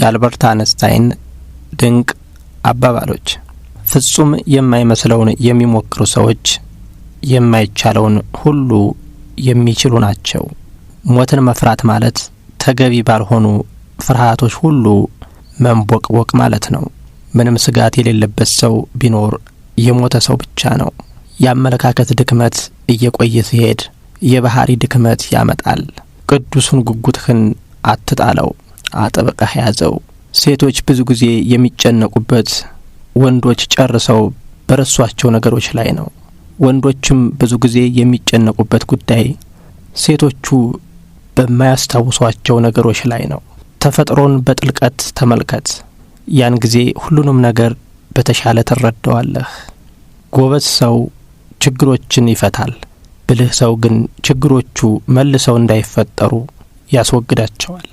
የአልበርት አነስታይን ድንቅ አባባሎች ፍጹም የማይመስለውን የሚሞክሩ ሰዎች የማይቻለውን ሁሉ የሚችሉ ናቸው። ሞትን መፍራት ማለት ተገቢ ባልሆኑ ፍርሃቶች ሁሉ መንቦቅቦቅ ማለት ነው። ምንም ስጋት የሌለበት ሰው ቢኖር የሞተ ሰው ብቻ ነው። የአመለካከት ድክመት እየቆየ ሲሄድ የባህሪ ድክመት ያመጣል። ቅዱሱን ጉጉትህን አትጣለው። አጥብቀህ ያዘው። ሴቶች ብዙ ጊዜ የሚጨነቁበት ወንዶች ጨርሰው በረሷቸው ነገሮች ላይ ነው። ወንዶችም ብዙ ጊዜ የሚጨነቁበት ጉዳይ ሴቶቹ በማያስታውሷቸው ነገሮች ላይ ነው። ተፈጥሮን በጥልቀት ተመልከት። ያን ጊዜ ሁሉንም ነገር በተሻለ ትረዳዋለህ። ጎበዝ ሰው ችግሮችን ይፈታል። ብልህ ሰው ግን ችግሮቹ መልሰው እንዳይፈጠሩ ያስወግዳቸዋል።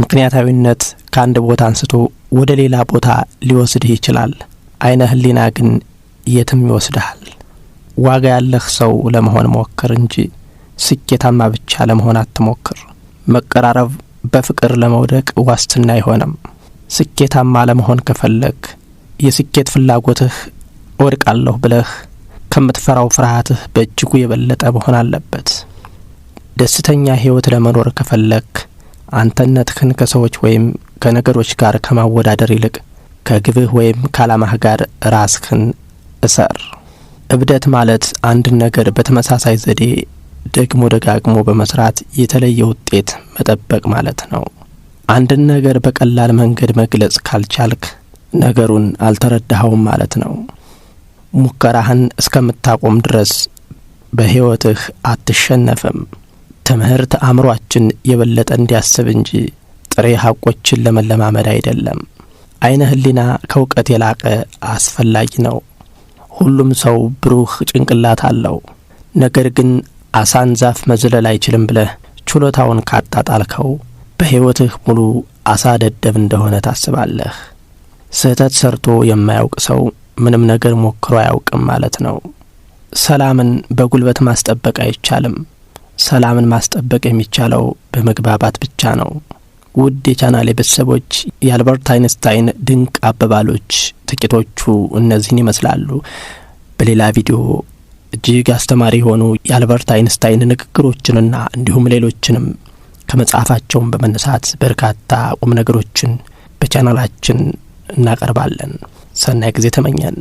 ምክንያታዊነት ከአንድ ቦታ አንስቶ ወደ ሌላ ቦታ ሊወስድህ ይችላል። አይነ ህሊና ግን የትም ይወስድሃል። ዋጋ ያለህ ሰው ለመሆን ሞክር እንጂ ስኬታማ ብቻ ለመሆን አትሞክር። መቀራረብ በፍቅር ለመውደቅ ዋስትና አይሆንም። ስኬታማ ለመሆን ከፈለግ የስኬት ፍላጎትህ እወድቃለሁ ብለህ ከምትፈራው ፍርሃትህ በእጅጉ የበለጠ መሆን አለበት። ደስተኛ ህይወት ለመኖር ከፈለግ አንተነትህን ከሰዎች ወይም ከነገሮች ጋር ከማወዳደር ይልቅ ከግብህ ወይም ከዓላማህ ጋር ራስህን እሰር። እብደት ማለት አንድን ነገር በተመሳሳይ ዘዴ ደግሞ ደጋግሞ በመስራት የተለየ ውጤት መጠበቅ ማለት ነው። አንድን ነገር በቀላል መንገድ መግለጽ ካልቻልክ ነገሩን አልተረዳኸውም ማለት ነው። ሙከራህን እስከምታቆም ድረስ በሕይወትህ አትሸነፍም። ትምህርት አእምሯችን የበለጠ እንዲያስብ እንጂ ጥሬ ሀቆችን ለመለማመድ አይደለም። አይነ ህሊና ከእውቀት የላቀ አስፈላጊ ነው። ሁሉም ሰው ብሩህ ጭንቅላት አለው። ነገር ግን አሳን ዛፍ መዝለል አይችልም ብለህ ችሎታውን ካጣጣልከው በሕይወትህ ሙሉ አሳ ደደብ እንደሆነ ታስባለህ። ስህተት ሰርቶ የማያውቅ ሰው ምንም ነገር ሞክሮ አያውቅም ማለት ነው። ሰላምን በጉልበት ማስጠበቅ አይቻልም። ሰላምን ማስጠበቅ የሚቻለው በመግባባት ብቻ ነው። ውድ የቻናሌ ቤተሰቦች የአልበርት አይንስታይን ድንቅ አባባሎች ጥቂቶቹ እነዚህን ይመስላሉ። በሌላ ቪዲዮ እጅግ አስተማሪ የሆኑ የአልበርት አይንስታይን ንግግሮችንና እንዲሁም ሌሎችንም ከመጽሐፋቸውን በመነሳት በርካታ ቁም ነገሮችን በቻናላችን እናቀርባለን። ሰናይ ጊዜ ተመኘን።